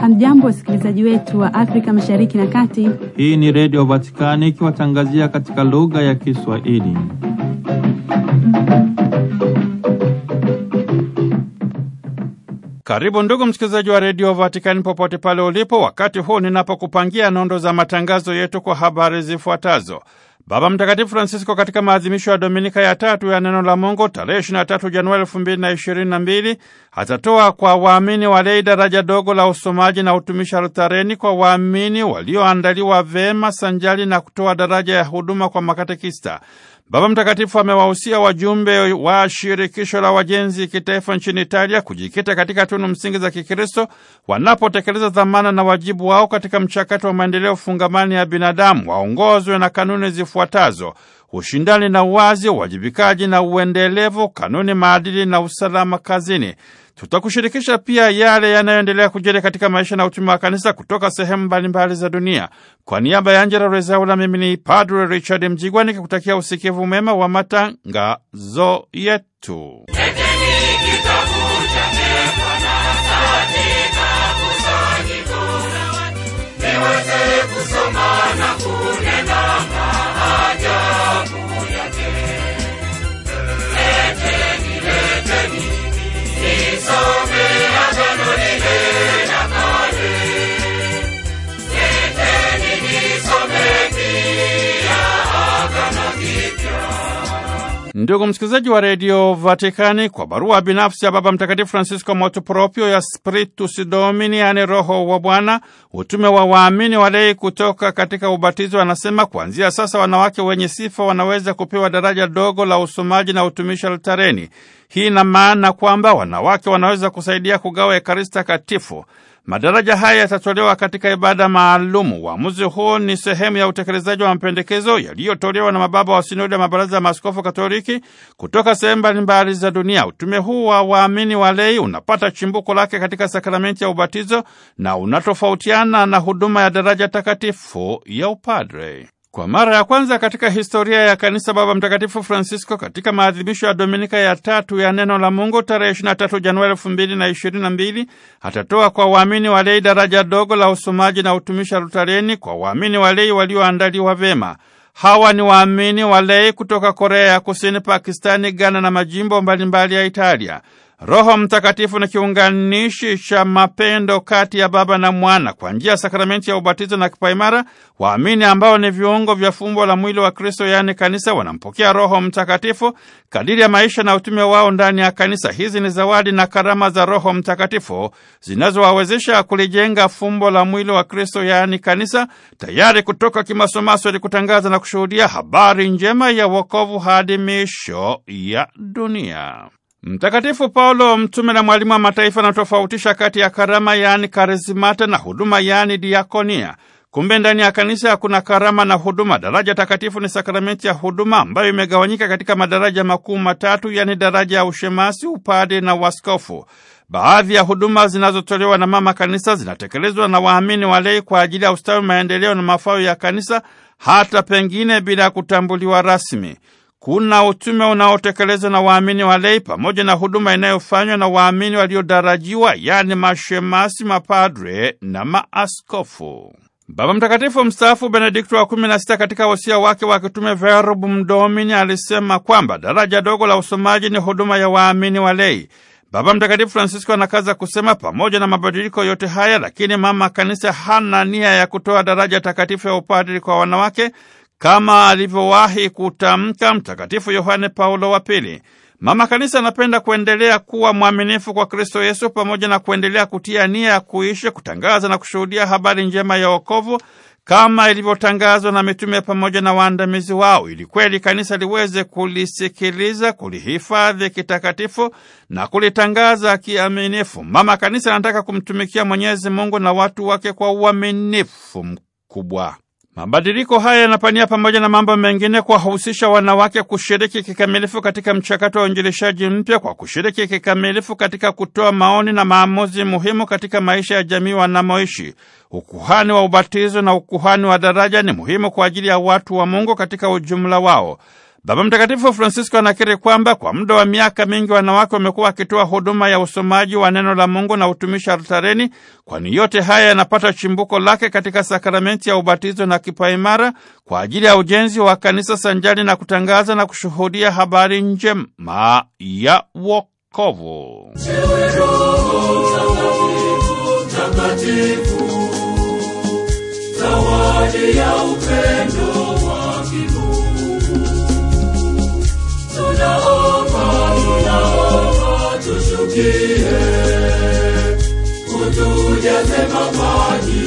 Hamjambo, wasikilizaji wetu wa Afrika Mashariki na Kati. Hii ni Redio Vatikani ikiwatangazia katika lugha ya Kiswahili. Karibu ndugu msikilizaji wa Redio Vatikani popote pale ulipo, wakati huu ninapokupangia nondo za matangazo yetu kwa habari zifuatazo. Baba Mtakatifu Francisco katika maadhimisho ya Dominika ya tatu ya neno la Mungu tarehe 23 Januari 2022 atatoa kwa waamini walei daraja dogo la usomaji na utumishi altareni kwa waamini walioandaliwa vema sanjali na kutoa daraja ya huduma kwa makatekista. Baba Mtakatifu amewahusia wajumbe wa shirikisho la wajenzi kitaifa nchini Italia kujikita katika tunu msingi za Kikristo wanapotekeleza dhamana na wajibu wao katika mchakato wa maendeleo fungamani ya binadamu, waongozwe na kanuni zifuatazo: ushindani na uwazi, uwajibikaji na uendelevu, kanuni, maadili na usalama kazini. Tutakushirikisha pia yale yanayoendelea kujiri katika maisha na utumi wa kanisa kutoka sehemu mbalimbali za dunia. Kwa niaba ya Angela Rezaula, mimi ni Padre Richard Mjigwa nikikutakia usikivu mwema wa matangazo yetu. song. Ndugu msikilizaji wa redio Vatikani, kwa barua binafsi ya Baba Mtakatifu Francisco, motu proprio ya Spiritus Domini, yaani Roho wa Bwana, utume wa waamini walei kutoka katika ubatizo, anasema kuanzia sasa wanawake wenye sifa wanaweza kupewa daraja dogo la usomaji na utumishi altareni. Hii ina maana kwamba wanawake wanaweza kusaidia kugawa Ekaristi takatifu. Madaraja haya yatatolewa katika ibada maalumu. Uamuzi huu ni sehemu ya utekelezaji wa mapendekezo yaliyotolewa na mababa wa sinodi ya mabaraza ya maaskofu Katoliki kutoka sehemu mbalimbali za dunia. Utume huu wa waamini walei unapata chimbuko lake katika sakramenti ya ubatizo na unatofautiana na huduma ya daraja takatifu ya upadre. Kwa mara ya kwanza katika historia ya kanisa, Baba Mtakatifu Francisco katika maadhimisho ya Dominika ya tatu ya neno la Mungu tarehe 23 Januari 2022 atatoa kwa waamini walei daraja dogo la usomaji na utumishi altareni kwa waamini walei walioandaliwa vyema. Hawa ni waamini walei kutoka Korea ya Kusini, Pakistani, Ghana na majimbo mbalimbali ya Italia. Roho Mtakatifu ni kiunganishi cha mapendo kati ya Baba na Mwana. Kwa njia ya sakramenti ya ubatizo na kipaimara, waamini ambao ni viungo vya fumbo la mwili wa Kristo, yaani kanisa, wanampokea Roho Mtakatifu kadiri ya maisha na utume wao ndani ya kanisa. Hizi ni zawadi na karama za Roho Mtakatifu zinazowawezesha kulijenga fumbo la mwili wa Kristo, yaani kanisa, tayari kutoka kimasomaso ili kutangaza na kushuhudia habari njema ya wokovu hadi misho ya dunia. Mtakatifu Paulo mtume na mwalimu wa mataifa anatofautisha kati ya karama yaani karizimata na huduma yaani diakonia. Kumbe ndani ya kanisa hakuna karama na huduma. Daraja takatifu ni sakramenti ya huduma ambayo imegawanyika katika madaraja makuu matatu, yaani daraja ya ushemasi, upade na waskofu. Baadhi ya huduma zinazotolewa na mama kanisa zinatekelezwa na waamini walei kwa ajili ya ustawi, maendeleo na mafao ya kanisa, hata pengine bila kutambuliwa rasmi kuna utume unaotekelezwa na waamini walei pamoja na huduma inayofanywa na waamini waliodarajiwa, yaani mashemasi, mapadre na maaskofu. Baba Mtakatifu mstaafu Benedikto wa kumi na sita katika wosia wake wa kitume Verbum Domini alisema kwamba daraja dogo la usomaji ni huduma ya waamini walei. Baba Mtakatifu Francisco anakaza kusema, pamoja na mabadiliko yote haya, lakini mama kanisa hana nia ya kutoa daraja takatifu ya upadri kwa wanawake kama alivyowahi kutamka Mtakatifu Yohane Paulo wa Pili. Mama Kanisa anapenda kuendelea kuwa mwaminifu kwa Kristo Yesu pamoja na kuendelea kutia nia ya kuishi, kutangaza na kushuhudia habari njema ya wokovu kama ilivyotangazwa na mitume pamoja na waandamizi wao, ili kweli kanisa liweze kulisikiliza, kulihifadhi kitakatifu na kulitangaza kiaminifu. Mama Kanisa anataka kumtumikia Mwenyezi Mungu na watu wake kwa uaminifu mkubwa. Mabadiliko haya yanapania pamoja na mambo mengine kuwahusisha wanawake kushiriki kikamilifu katika mchakato wa uinjilishaji mpya kwa kushiriki kikamilifu katika kutoa maoni na maamuzi muhimu katika maisha ya jamii wanamoishi. Ukuhani wa ubatizo na ukuhani wa daraja ni muhimu kwa ajili ya watu wa Mungu katika ujumla wao. Baba Mtakatifu Francisco anakiri kwamba kwa muda wa miaka mingi wanawake wamekuwa wakitoa huduma ya usomaji wa neno la Mungu na utumishi altareni, kwani yote haya yanapata chimbuko lake katika sakramenti ya ubatizo na kipaimara kwa ajili ya ujenzi wa kanisa sanjali na kutangaza na kushuhudia habari njema ya wokovu. Zawadi ya upendo ujaze mabadi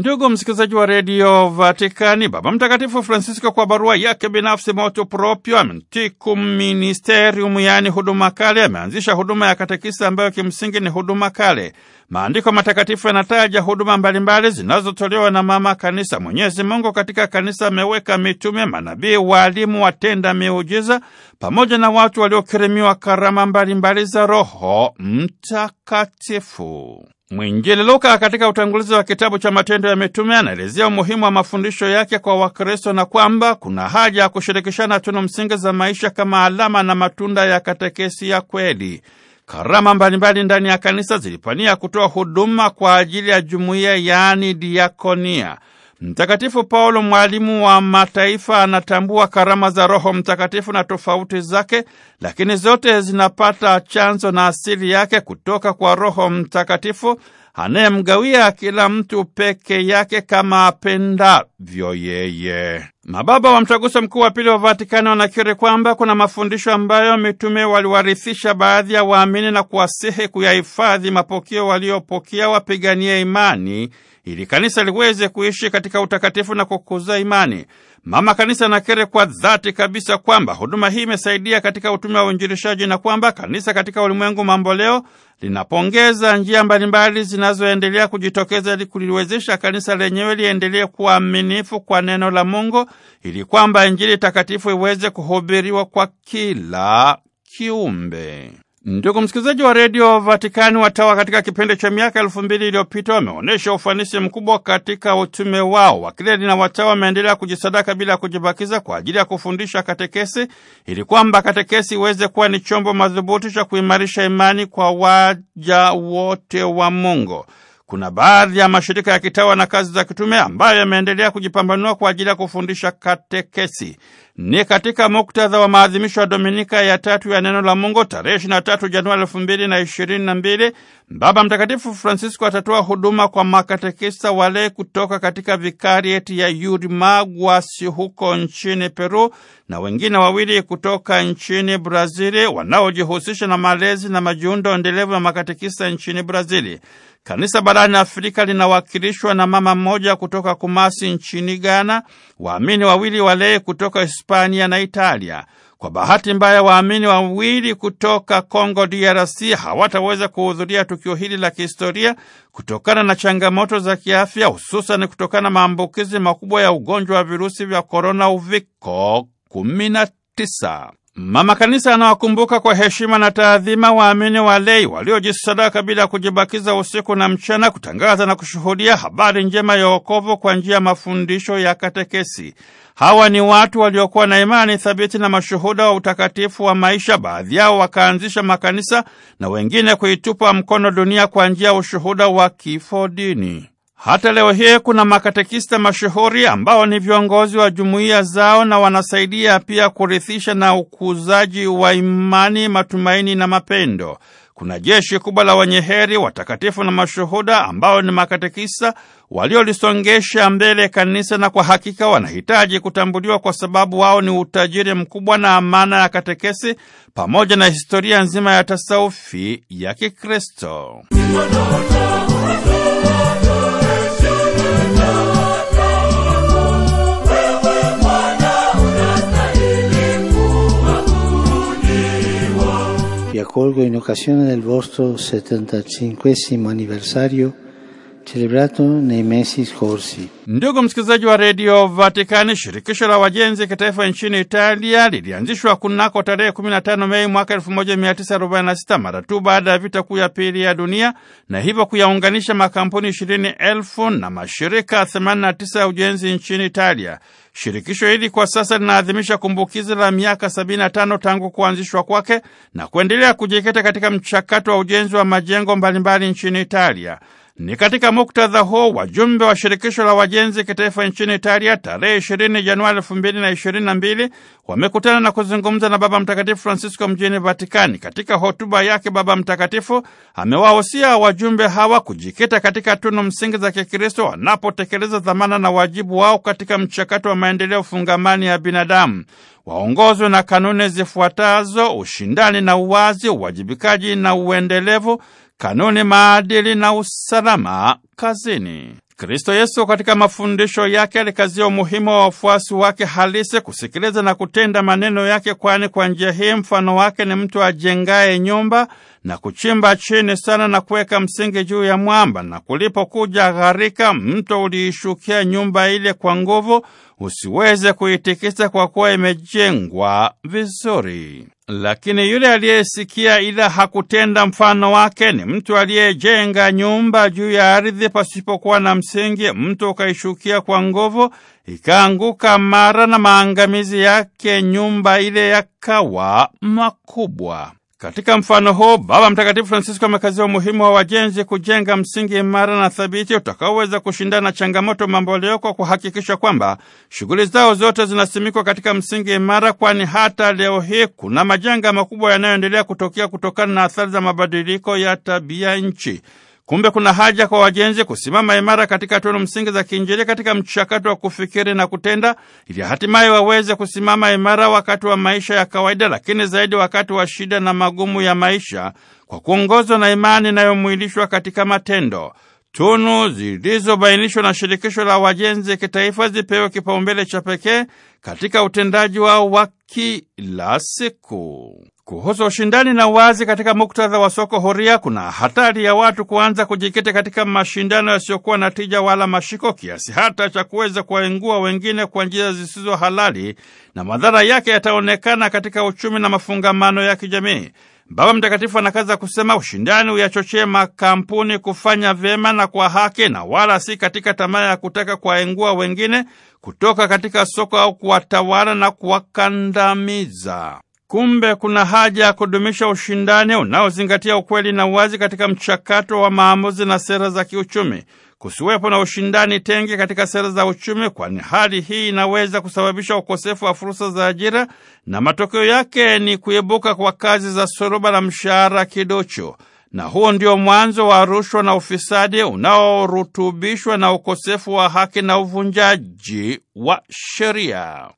Ndugu msikilizaji wa redio Vatikani, Baba Mtakatifu Francisco kwa barua yake binafsi Motu Proprio Antiquum Ministerium, yaani huduma kale, ameanzisha huduma ya katekisa ambayo kimsingi ni huduma kale. Maandiko matakatifu yanataja huduma mbalimbali zinazotolewa na mama kanisa. Mwenyezi Mungu katika kanisa ameweka mitume, manabii, waalimu, watenda miujiza pamoja na watu waliokirimiwa karama mbalimbali za Roho Mtakatifu. Mwinjili Luka katika utangulizi wa kitabu cha Matendo ya Mitume anaelezea umuhimu wa mafundisho yake kwa Wakristo na kwamba kuna haja ya kushirikishana tunu msingi za maisha kama alama na matunda ya katekesi ya kweli. Karama mbalimbali ndani ya kanisa zilipania kutoa huduma kwa ajili ya jumuiya, yaani diakonia. Mtakatifu Paulo, mwalimu wa mataifa, anatambua karama za Roho Mtakatifu na tofauti zake, lakini zote zinapata chanzo na asili yake kutoka kwa Roho Mtakatifu anayemgawia kila mtu peke yake kama apendavyo yeye. Mababa wa Mtaguso Mkuu wa Pili wa Vatikani wanakiri kwamba kuna mafundisho ambayo mitume waliwarithisha baadhi ya waamini na kuwasihi kuyahifadhi mapokeo waliopokea, wapiganie imani ili kanisa liweze kuishi katika utakatifu na kukuza imani. Mama Kanisa nakiri kwa dhati kabisa kwamba huduma hii imesaidia katika utume wa uinjilishaji na kwamba kanisa katika ulimwengu mambo leo linapongeza njia mbalimbali zinazoendelea kujitokeza ili kuliwezesha kanisa lenyewe liendelee kuwa aminifu kwa neno la Mungu ili kwamba Injili takatifu iweze kuhubiriwa kwa kila kiumbe. Ndugu msikilizaji wa redio Vatikani, watawa katika kipindi cha miaka elfu mbili iliyopita wameonyesha ufanisi mkubwa katika utume wao. Wakileli na watawa wameendelea kujisadaka bila kujibakiza kwa ajili ya kufundisha katekesi, ili kwamba katekesi iweze kuwa ni chombo madhubuti cha kuimarisha imani kwa waja wote wa Mungu. Kuna baadhi ya mashirika ya kitawa na kazi za kitume ambayo yameendelea kujipambanua kwa ajili ya kufundisha katekesi ni katika muktadha wa maadhimisho ya Dominika ya tatu ya neno la Mungu tarehe 23 Januari 2022, Baba Mtakatifu Francisco atatoa huduma kwa makatekista wale kutoka katika vikarieti ya Yurimaguas huko nchini Peru na wengine wawili kutoka nchini Brazili wanaojihusisha na malezi na majiundo endelevu ya makatekista nchini Brazili. Kanisa barani Afrika linawakilishwa na mama mmoja kutoka Kumasi nchini Ghana, waamini wawili walei kutoka Hispania na Italia. Kwa bahati mbaya, waamini wawili kutoka Congo DRC hawataweza kuhudhuria tukio hili la kihistoria kutokana na changamoto za kiafya, hususan kutokana na maambukizi makubwa ya ugonjwa wa virusi vya korona uviko 19. Mama Kanisa anawakumbuka kwa heshima na taadhima waamini walei waliojisadaka bila kujibakiza usiku na mchana kutangaza na kushuhudia habari njema ya wokovu kwa njia ya mafundisho ya katekesi. Hawa ni watu waliokuwa na imani thabiti na mashuhuda wa utakatifu wa maisha. Baadhi yao wakaanzisha makanisa na wengine kuitupa mkono dunia kwa njia ya ushuhuda wa kifo dini. Hata leo hii kuna makatekista mashuhuri ambao ni viongozi wa jumuiya zao na wanasaidia pia kurithisha na ukuzaji wa imani, matumaini na mapendo kuna jeshi kubwa la wenye heri, watakatifu na mashuhuda ambao ni makatekisa waliolisongesha mbele kanisa, na kwa hakika wanahitaji kutambuliwa kwa sababu wao ni utajiri mkubwa na amana ya katekesi pamoja na historia nzima ya tasaufi ya Kikristo. colgo in occasione del vostro 75 anniversario celebrato nei mesi scorsi. Ndugu msikilizaji wa redio Vatikani, shirikisho la wajenzi kitaifa nchini Italia lilianzishwa kunako tarehe 15 Mei mwaka 1946 mara tu baada ya vita kuu ya pili ya dunia, na hivyo kuyaunganisha makampuni 20,000 na mashirika 89 ya ujenzi nchini Italia. Shirikisho hili kwa sasa linaadhimisha kumbukizi la miaka 75 tangu kuanzishwa kwake na kuendelea kujikita katika mchakato wa ujenzi wa majengo mbalimbali nchini Italia. Ni katika muktadha huo wajumbe wa shirikisho la wajenzi kitaifa nchini Italia tarehe 20 Januari 2022 wamekutana na kuzungumza na Baba Mtakatifu Francisco mjini Vatikani. Katika hotuba yake, Baba Mtakatifu amewahusia wajumbe hawa kujikita katika tunu msingi za Kikristo wanapotekeleza dhamana na wajibu wao katika mchakato wa maendeleo fungamani ya binadamu waongozwe na kanuni zifuatazo: ushindani na uwazi, uwajibikaji na uendelevu, kanuni, maadili na usalama kazini. Kristo Yesu katika mafundisho yake alikazia umuhimu wa wafuasi wake halisi kusikiliza na kutenda maneno yake, kwani kwa njia hii mfano wake ni mtu ajengaye nyumba na kuchimba chini sana na kuweka msingi juu ya mwamba, na kulipokuja gharika, mto uliishukia nyumba ile kwa nguvu, usiweze kuitikisa kwa kuwa imejengwa vizuri. Lakini yule aliyesikia ila hakutenda, mfano wake ni mtu aliyejenga nyumba juu ya ardhi pasipokuwa na msingi, mto ukaishukia kwa nguvu, ikaanguka mara, na maangamizi yake nyumba ile yakawa makubwa. Katika mfano huu Baba Mtakatifu Francisco amekazia umuhimu wa wajenzi kujenga msingi imara na thabiti utakaoweza kushindana na changamoto mamboleo kwa kuhakikisha kwamba shughuli zao zote zinasimikwa katika msingi imara, kwani hata leo hii kuna majanga makubwa yanayoendelea kutokea kutokana na athari za mabadiliko ya tabia nchi. Kumbe kuna haja kwa wajenzi kusimama imara katika tunu msingi za kiinjili katika mchakato wa kufikiri na kutenda, ili hatimaye waweze kusimama imara wakati wa maisha ya kawaida, lakini zaidi wakati wa shida na magumu ya maisha, kwa kuongozwa na imani inayomwilishwa katika matendo. Tunu zilizobainishwa na shirikisho la wajenzi kitaifa zipewe kipaumbele cha pekee katika utendaji wao wa kila siku. Kuhusu ushindani na uwazi katika muktadha wa soko huria, kuna hatari ya watu kuanza kujikita katika mashindano yasiyokuwa na tija wala mashiko, kiasi hata cha kuweza kuwaingua wengine kwa njia zisizo halali, na madhara yake yataonekana katika uchumi na mafungamano ya kijamii. Baba Mtakatifu anakaza kusema ushindani uyachochee makampuni kufanya vyema na kwa haki, na wala si katika tamaa ya kutaka kuwaingua wengine kutoka katika soko au kuwatawala na kuwakandamiza. Kumbe kuna haja ya kudumisha ushindani unaozingatia ukweli na uwazi katika mchakato wa maamuzi na sera za kiuchumi. Kusiwepo na ushindani tenge katika sera za uchumi, kwani hali hii inaweza kusababisha ukosefu wa fursa za ajira na matokeo yake ni kuibuka kwa kazi za soroba la mshahara kidocho, na huo ndio mwanzo wa rushwa na ufisadi unaorutubishwa na ukosefu wa haki na uvunjaji wa sheria.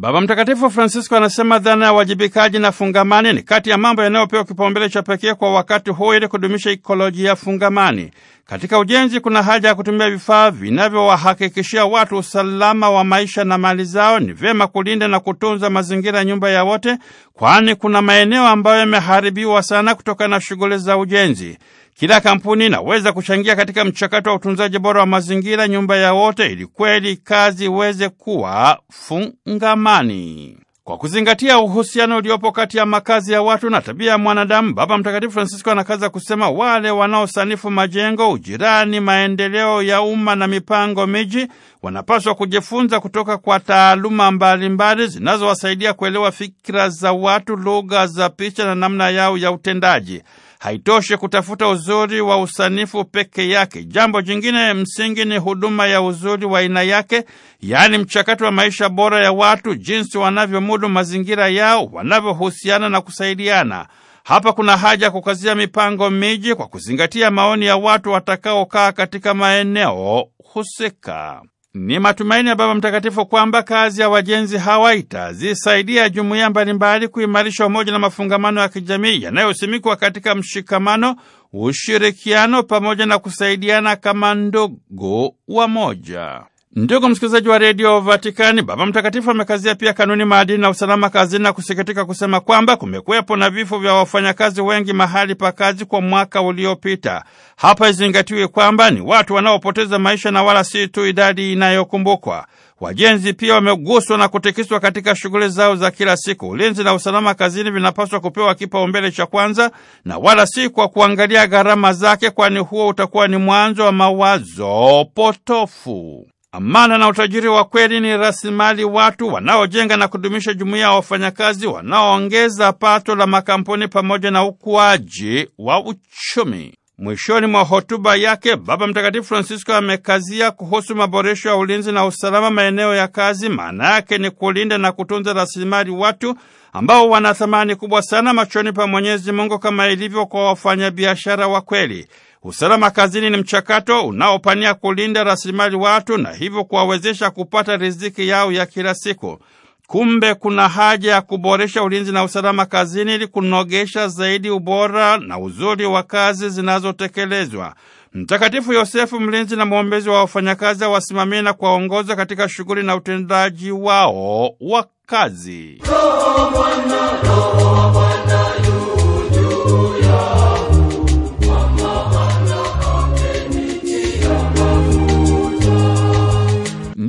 Baba Mtakatifu Francisco anasema dhana ya uwajibikaji na fungamani ni kati ya mambo yanayopewa kipaumbele cha pekee kwa wakati huu ili kudumisha ikolojia fungamani. Katika ujenzi kuna haja ya kutumia vifaa vinavyowahakikishia watu usalama wa maisha na mali zao. Ni vyema kulinda na kutunza mazingira ya nyumba ya wote, kwani kuna maeneo ambayo yameharibiwa sana kutokana na shughuli za ujenzi. Kila kampuni inaweza kuchangia katika mchakato wa utunzaji bora wa mazingira, nyumba ya wote, ili kweli kazi iweze kuwa fungamani. Kwa kuzingatia uhusiano uliopo kati ya makazi ya watu na tabia ya mwanadamu, Baba Mtakatifu Francisco anakaza kusema, wale wanaosanifu majengo, ujirani, maendeleo ya umma na mipango miji wanapaswa kujifunza kutoka kwa taaluma mbalimbali zinazowasaidia kuelewa fikra za watu, lugha za picha na namna yao ya utendaji haitoshi kutafuta uzuri wa usanifu peke yake. Jambo jingine msingi ni huduma ya uzuri wa aina yake, yaani mchakato wa maisha bora ya watu, jinsi wanavyomudu mazingira yao, wanavyohusiana na kusaidiana. Hapa kuna haja ya kukazia mipango miji kwa kuzingatia maoni ya watu watakaokaa katika maeneo husika. Ni matumaini ya Baba Mtakatifu kwamba kazi ya wajenzi hawa itazisaidia jumuiya mbalimbali kuimarisha umoja na mafungamano ya kijamii yanayosimikwa katika mshikamano, ushirikiano pamoja na kusaidiana kama ndugu wa moja. Ndugu msikilizaji wa redio Vatikani, Baba Mtakatifu amekazia pia kanuni, maadili na usalama kazini na kusikitika kusema kwamba kumekuwepo na vifo vya wafanyakazi wengi mahali pa kazi kwa mwaka uliopita. Hapa izingatiwe kwamba ni watu wanaopoteza maisha na wala si tu idadi inayokumbukwa. Wajenzi pia wameguswa na kutikiswa katika shughuli zao za kila siku. Ulinzi na usalama kazini vinapaswa kupewa kipaumbele cha kwanza na wala si kwa kuangalia gharama zake, kwani huo utakuwa ni mwanzo wa mawazo potofu. Amana na utajiri wa kweli ni rasilimali watu wanaojenga na kudumisha jumuiya ya wafanyakazi wanaoongeza pato la makampuni pamoja na ukuaji wa uchumi. Mwishoni mwa hotuba yake, Baba Mtakatifu Francisco amekazia kuhusu maboresho ya ulinzi na usalama maeneo ya kazi. Maana yake ni kulinda na kutunza rasilimali watu ambao wana thamani kubwa sana machoni pa Mwenyezi Mungu, kama ilivyo kwa wafanyabiashara wa kweli. Usalama kazini ni mchakato unaopania kulinda rasilimali watu na hivyo kuwawezesha kupata riziki yao ya kila siku. Kumbe kuna haja ya kuboresha ulinzi na usalama kazini ili kunogesha zaidi ubora na uzuri wa kazi zinazotekelezwa. Mtakatifu Yosefu, mlinzi na mwombezi wa wafanyakazi, awasimamie na kuwaongoza katika shughuli na utendaji wao wa kazi.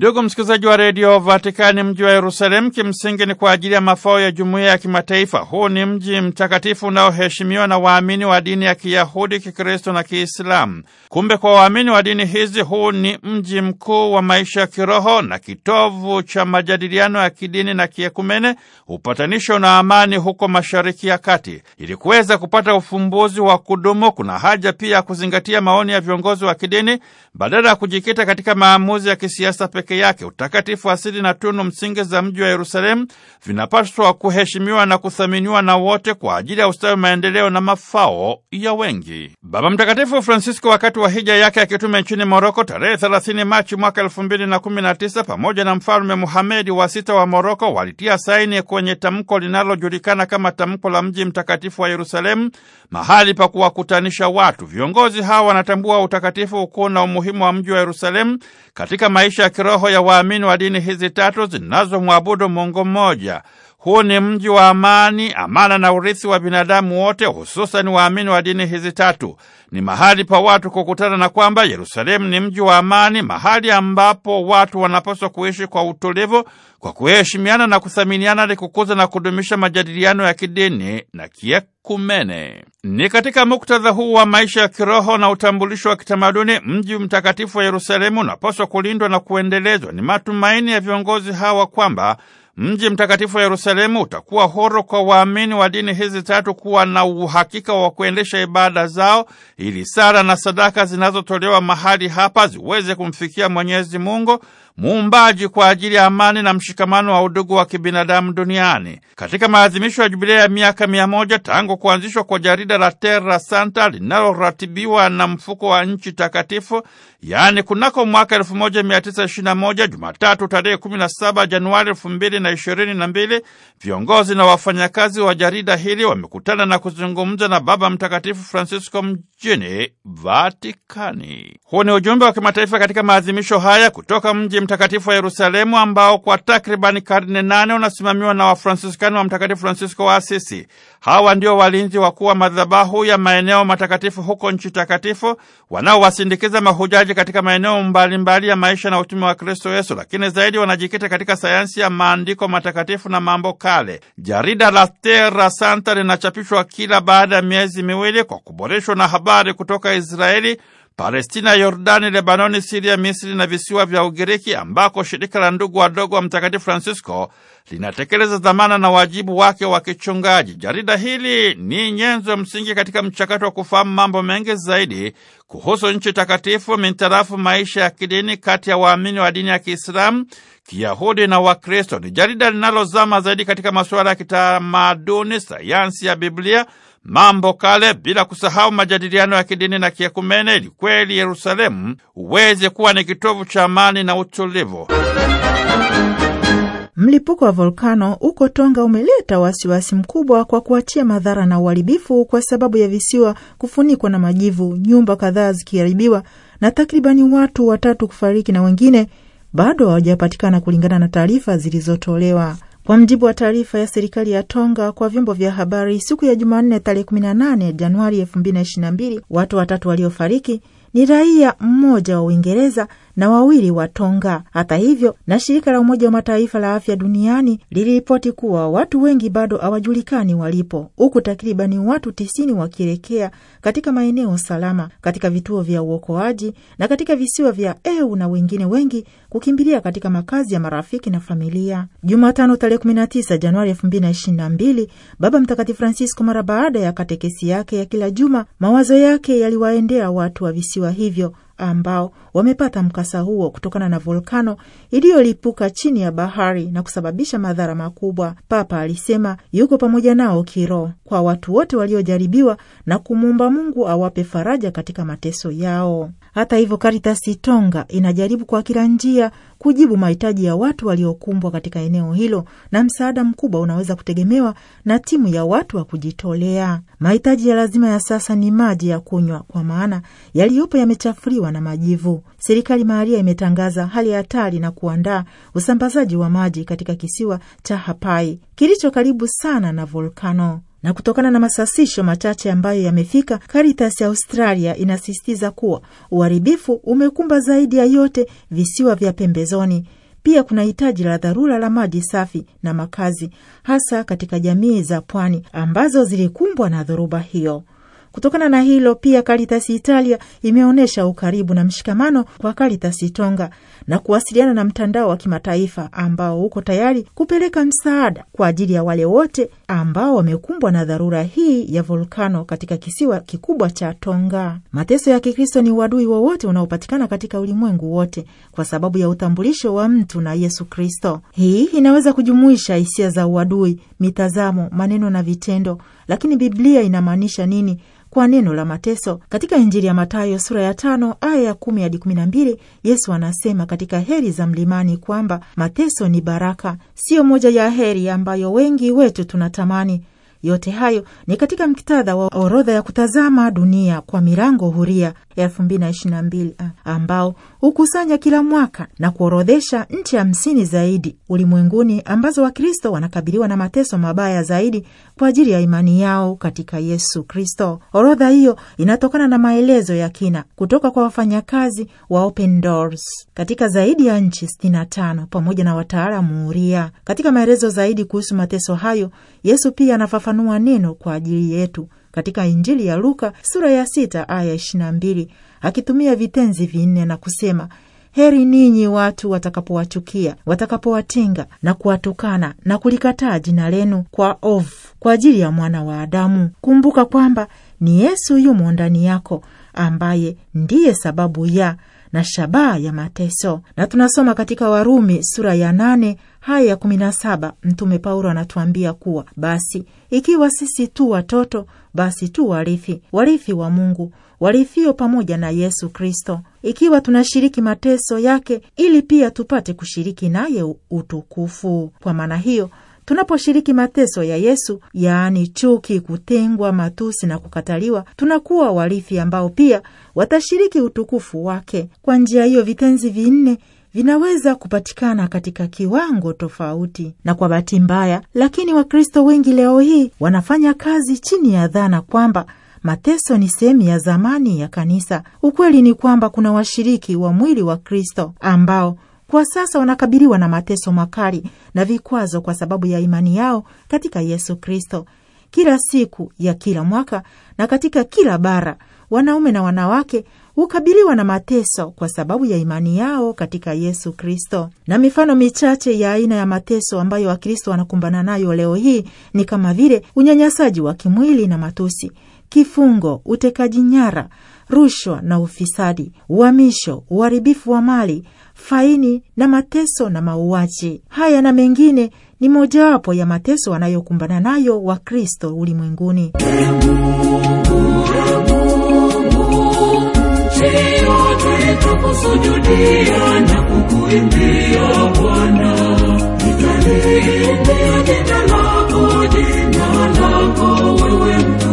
Ndugu msikilizaji wa redio Vatikani, mji wa Yerusalemu kimsingi ni kwa ajili ya mafao ya jumuiya ya kimataifa. Huu ni mji mtakatifu unaoheshimiwa na waamini wa dini ya Kiyahudi, Kikristo na Kiislamu. Kumbe kwa waamini wa dini hizi, huu ni mji mkuu wa maisha ya kiroho na kitovu cha majadiliano ya kidini na kiekumene, upatanisho na amani huko Mashariki ya Kati. Ili kuweza kupata ufumbuzi wa kudumu, kuna haja pia ya kuzingatia maoni ya viongozi wa kidini badala ya kujikita katika maamuzi ya kisiasa pekee yake. Utakatifu, asili na tunu msingi za mji wa Yerusalemu vinapaswa kuheshimiwa na kuthaminiwa na wote kwa ajili ya ustawi, maendeleo na mafao ya wengi. Baba Mtakatifu Francisco, wakati wa hija yake akitume nchini Moroko tarehe 30 Machi mwaka 2019, pamoja na Mfalme Muhamedi wa sita wa Moroko walitia saini kwenye tamko linalojulikana kama tamko la mji mtakatifu wa Yerusalemu, mahali pa kuwakutanisha watu. Viongozi hawa wanatambua utakatifu, ukuu na umuhimu wa mji wa Yerusalemu katika maisha ya kiroho ya waamini wa dini hizi tatu zinazomwabudu Mungu mmoja. Huu ni mji wa amani, amana na urithi wa binadamu wote, hususan waamini wa dini hizi tatu. Ni mahali pa watu kukutana, na kwamba Yerusalemu ni mji wa amani, mahali ambapo watu wanapaswa kuishi kwa utulivu, kwa kuheshimiana na kuthaminiana, ili kukuza na kudumisha majadiliano ya kidini na kiekumene. Ni katika muktadha huu wa maisha ya kiroho na utambulisho wa kitamaduni, mji mtakatifu wa Yerusalemu unapaswa kulindwa na kuendelezwa. Ni matumaini ya viongozi hawa kwamba Mji mtakatifu wa Yerusalemu utakuwa huru kwa waamini wa dini hizi tatu kuwa na uhakika wa kuendesha ibada zao ili sala na sadaka zinazotolewa mahali hapa ziweze kumfikia Mwenyezi Mungu muumbaji kwa ajili ya amani na mshikamano wa udugu wa kibinadamu duniani. Katika maadhimisho ya jubilei ya miaka mia moja tangu kuanzishwa kwa jarida la Terra Santa linaloratibiwa na mfuko wa nchi takatifu, yaani kunako mwaka 1921, Jumatatu tarehe 17 Januari 2022, viongozi na wafanyakazi wa jarida hili wamekutana na kuzungumza na Baba Mtakatifu Francisco nchini Vatikani. Huu ni ujumbe wa kimataifa katika maadhimisho haya kutoka mji mtakatifu wa Yerusalemu ambao kwa takribani karne nane unasimamiwa na Wafransiskani wa Mtakatifu francisco wa Asisi. Hawa ndio walinzi wakuu wa madhabahu ya maeneo matakatifu huko nchi takatifu, wanaowasindikiza mahujaji katika maeneo mbalimbali ya maisha na utume wa Kristo Yesu, lakini zaidi wanajikita katika sayansi ya maandiko matakatifu na mambo kale. Jarida la Terra Santa linachapishwa kila baada ya miezi miwili kwa kuboreshwa na habari habari kutoka Israeli, Palestina, Yordani, Lebanoni, Siria, Misri na visiwa vya Ugiriki, ambako shirika la ndugu wadogo wa Mtakatifu Francisco linatekeleza dhamana na wajibu wake wa kichungaji. Jarida hili ni nyenzo msingi katika mchakato wa kufahamu mambo mengi zaidi kuhusu nchi takatifu mintarafu maisha ya kidini kati ya waamini wa dini ya Kiislamu, Kiyahudi na Wakristo. Ni jarida linalozama zaidi katika masuala ya kitamaduni, sayansi ya Biblia mambo kale, bila kusahau majadiliano ya kidini na kiekumene, ili kweli Yerusalemu uweze kuwa ni kitovu cha amani na utulivu. Mlipuko wa volkano huko Tonga umeleta wasiwasi wasi mkubwa kwa kuachia madhara na uharibifu kwa sababu ya visiwa kufunikwa na majivu, nyumba kadhaa zikiharibiwa na takribani watu watatu kufariki na wengine bado hawajapatikana kulingana na taarifa zilizotolewa. Kwa mjibu wa taarifa ya serikali ya Tonga kwa vyombo vya habari siku ya Jumanne tarehe 18 Januari 2022, watu watatu waliofariki ni raia mmoja wa Uingereza na wawili wa Tonga. Hata hivyo, na shirika la Umoja wa Mataifa la afya duniani liliripoti kuwa watu wengi bado hawajulikani walipo, huku takribani watu tisini wakielekea katika maeneo salama, katika vituo vya uokoaji na katika visiwa vya Eu, na wengine wengi kukimbilia katika makazi ya marafiki na familia. Jumatano tarehe 19 Januari 2022, Baba Mtakatifu Francisco, mara baada ya katekesi yake ya kila juma, mawazo yake yaliwaendea watu wa visiwa hivyo ambao wamepata mkasa huo kutokana na volkano iliyolipuka chini ya bahari na kusababisha madhara makubwa. Papa alisema yuko pamoja nao kiroho kwa watu wote waliojaribiwa na kumwomba Mungu awape faraja katika mateso yao. Hata hivyo, Caritas Itonga inajaribu kwa kila njia kujibu mahitaji ya watu waliokumbwa katika eneo hilo, na msaada mkubwa unaweza kutegemewa na timu ya watu wa kujitolea. Mahitaji ya lazima ya sasa ni maji ya kunywa, kwa maana yaliyopo yamechafuliwa na majivu. Serikali mahalia imetangaza hali hatari na kuandaa usambazaji wa maji katika kisiwa cha Hapai kilicho karibu sana na volkano na kutokana na masasisho machache ambayo yamefika, Caritas ya Australia inasisitiza kuwa uharibifu umekumba zaidi ya yote visiwa vya pembezoni. Pia kuna hitaji la dharura la maji safi na makazi, hasa katika jamii za pwani ambazo zilikumbwa na dhoruba hiyo. Kutokana na hilo pia Caritas Italia imeonyesha ukaribu na mshikamano kwa Caritas Tonga na kuwasiliana na mtandao wa kimataifa ambao uko tayari kupeleka msaada kwa ajili ya wale wote ambao wamekumbwa na dharura hii ya volkano katika kisiwa kikubwa cha Tonga. Mateso ya Kikristo ni uadui wowote unaopatikana katika ulimwengu wote kwa sababu ya utambulisho wa mtu na Yesu Kristo. Hii inaweza kujumuisha hisia za uadui, mitazamo, maneno na vitendo lakini Biblia inamaanisha nini kwa neno la mateso? Katika Injili ya matayo sura ya tano aya ya kumi hadi kumi na mbili Yesu anasema katika heri za mlimani kwamba mateso ni baraka, siyo moja ya heri ambayo wengi wetu tunatamani. Yote hayo ni katika mktadha wa orodha ya kutazama dunia kwa milango huria elfu mbili na ishirini na mbili ambao hukusanya kila mwaka na kuorodhesha nchi hamsini zaidi ulimwenguni ambazo Wakristo wanakabiliwa na mateso mabaya zaidi kwa ajili ya imani yao katika Yesu Kristo. Orodha hiyo inatokana na maelezo ya kina kutoka kwa wafanyakazi wa Open Doors katika zaidi ya nchi 65 pamoja na wataalamu huria. Katika maelezo zaidi kuhusu mateso hayo, Yesu pia anafafanua neno kwa ajili yetu katika Injili ya Luka sura ya sita aya ishirini na mbili akitumia vitenzi vinne na kusema Heri ninyi watu watakapowachukia, watakapowatenga na kuwatukana na kulikataa jina lenu kwa ovu kwa ajili ya mwana wa Adamu. Kumbuka kwamba ni Yesu yumo ndani yako ambaye ndiye sababu ya na shabaha ya mateso. Na tunasoma katika Warumi sura ya nane haya ya kumi na saba, Mtume Paulo anatuambia kuwa basi ikiwa sisi tu watoto, basi tu warithi, warithi wa Mungu, warithio pamoja na Yesu Kristo, ikiwa tunashiriki mateso yake, ili pia tupate kushiriki naye utukufu. Kwa maana hiyo tunaposhiriki mateso ya Yesu, yaani chuki, kutengwa, matusi na kukataliwa, tunakuwa warithi ambao pia watashiriki utukufu wake. Kwa njia hiyo, vitenzi vinne vinaweza kupatikana katika kiwango tofauti, na kwa bahati mbaya, lakini Wakristo wengi leo hii wanafanya kazi chini ya dhana kwamba mateso ni sehemu ya zamani ya kanisa. Ukweli ni kwamba kuna washiriki wa mwili wa Kristo ambao kwa sasa wanakabiliwa na mateso makali na vikwazo kwa sababu ya imani yao katika Yesu Kristo. Kila siku ya kila mwaka na katika kila bara, wanaume na wanawake hukabiliwa na mateso kwa sababu ya imani yao katika Yesu Kristo. Na mifano michache ya aina ya mateso ambayo Wakristo wanakumbana nayo leo hii ni kama vile unyanyasaji wa kimwili na matusi, kifungo, utekaji nyara, rushwa na ufisadi, uhamisho, uharibifu wa mali, faini na mateso na mauaji. Haya na mengine ni mojawapo ya mateso wanayokumbana nayo Wakristo ulimwenguni. Ndiyo tutakaposujudia na kukuimbia Bwana, nitaliimbia jina lako, jina lako wewe mtu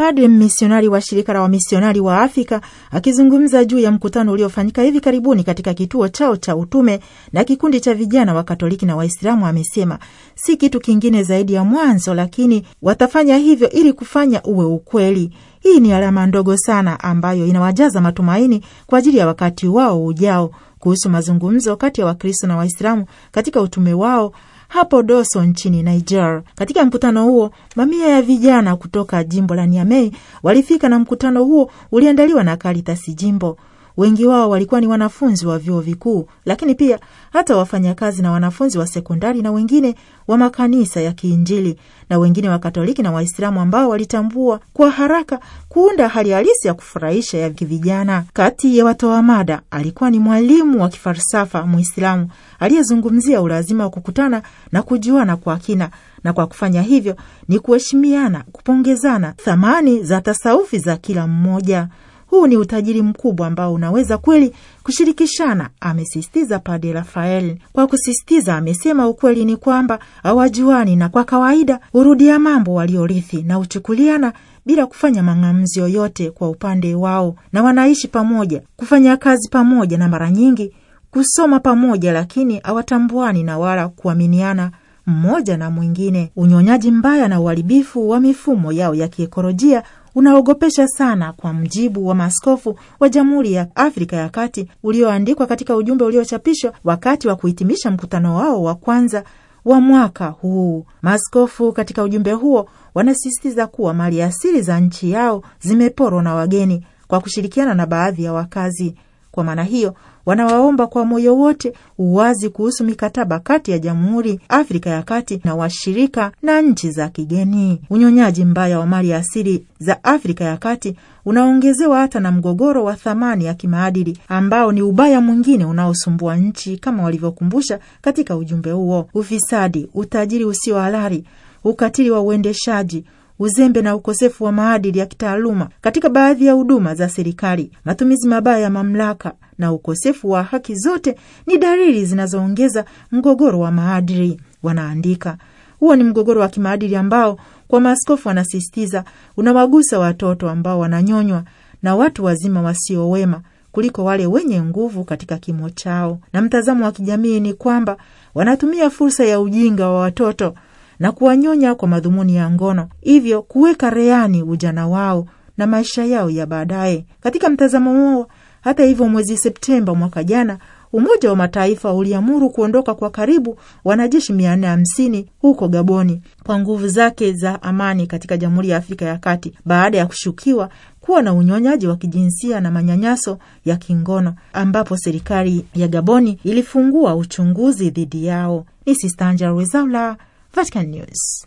Padre mmisionari wa shirika la wamisionari wa Afrika akizungumza juu ya mkutano uliofanyika hivi karibuni katika kituo chao cha utume na kikundi cha vijana wa Katoliki na Waislamu amesema si kitu kingine zaidi ya mwanzo, lakini watafanya hivyo ili kufanya uwe ukweli. Hii ni alama ndogo sana ambayo inawajaza matumaini kwa ajili ya wakati wao ujao kuhusu mazungumzo kati ya Wakristo na Waislamu katika utume wao hapo Doso nchini Niger. Katika mkutano huo, mamia ya vijana kutoka jimbo la Niamey walifika na mkutano huo uliandaliwa na Karitasi jimbo Wengi wao walikuwa ni wanafunzi wa vyuo vikuu, lakini pia hata wafanyakazi na wanafunzi wa sekondari na wengine wa makanisa ya Kiinjili na wengine wa Katoliki na Waislamu ambao walitambua kwa haraka kuunda hali halisi ya kufurahisha ya kivijana. Kati ya watoa mada alikuwa ni mwalimu wa kifalsafa Muislamu aliyezungumzia ulazima wa kukutana na kujuana kwa kina, na kwa kufanya hivyo ni kuheshimiana, kupongezana thamani za tasaufi za kila mmoja huu ni utajiri mkubwa ambao unaweza kweli kushirikishana, amesisitiza Padre Rafael. Kwa kusisitiza, amesema ukweli ni kwamba hawajuani na kwa kawaida hurudia mambo waliorithi na huchukuliana bila kufanya mang'amuzi yoyote kwa upande wao, na wanaishi pamoja, kufanya kazi pamoja, na mara nyingi kusoma pamoja, lakini hawatambuani na wala kuaminiana mmoja na mwingine. Unyonyaji mbaya na uharibifu wa mifumo yao ya kiekolojia unaogopesha sana, kwa mjibu wa maskofu wa Jamhuri ya Afrika ya Kati ulioandikwa katika ujumbe uliochapishwa wakati wa kuhitimisha mkutano wao wa kwanza wa mwaka huu. maskofu katika ujumbe huo wanasisitiza kuwa mali asili za nchi yao zimeporwa na wageni kwa kushirikiana na baadhi ya wakazi. Kwa maana hiyo, wanawaomba kwa moyo wote uwazi kuhusu mikataba kati ya Jamhuri Afrika ya Kati na washirika na nchi za kigeni. Unyonyaji mbaya wa mali asili za Afrika ya Kati unaongezewa hata na mgogoro wa thamani ya kimaadili ambao ni ubaya mwingine unaosumbua nchi, kama walivyokumbusha katika ujumbe huo: ufisadi, utajiri usio halali, ukatili wa uendeshaji uzembe na ukosefu wa maadili ya kitaaluma katika baadhi ya huduma za serikali, matumizi mabaya ya mamlaka na ukosefu wa haki, zote ni dalili zinazoongeza mgogoro wa maadili. Wanaandika, huo ni mgogoro wa kimaadili ambao kwa maaskofu wanasisitiza unawagusa watoto ambao wananyonywa na watu wazima wasiowema kuliko wale wenye nguvu katika kimo chao, na mtazamo wa kijamii ni kwamba wanatumia fursa ya ujinga wa watoto na kuwanyonya kwa madhumuni ya ngono, hivyo kuweka reani ujana wao na maisha yao ya baadaye. Katika mtazamo huo, hata hivyo, mwezi Septemba mwaka jana Umoja wa Mataifa uliamuru kuondoka kwa karibu wanajeshi mia nne hamsini huko Gaboni kwa nguvu zake za amani katika Jamhuri ya Afrika ya Kati baada ya kushukiwa kuwa na unyonyaji wa kijinsia na manyanyaso ya kingono ambapo serikali ya Gaboni ilifungua uchunguzi dhidi yao. Ni Sista Angella Rwezaula, Vatican News.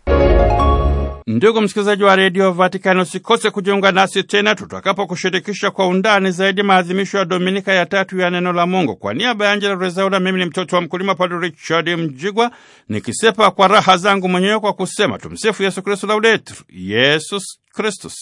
Ndugu msikilizaji wa redio Vatikani, usikose kujiunga nasi tena tutakapo kushirikisha kwa undani zaidi maadhimisho ya Dominika ya tatu ya neno la Mungu. Kwa niaba ya Angela Rezaula, mimi ni mtoto wa mkulima Padre Richard Mjigwa, nikisepa kwa raha zangu mwenyewe kwa kusema tumsifu Yesu Kristu, laudetur Yesus Kristus.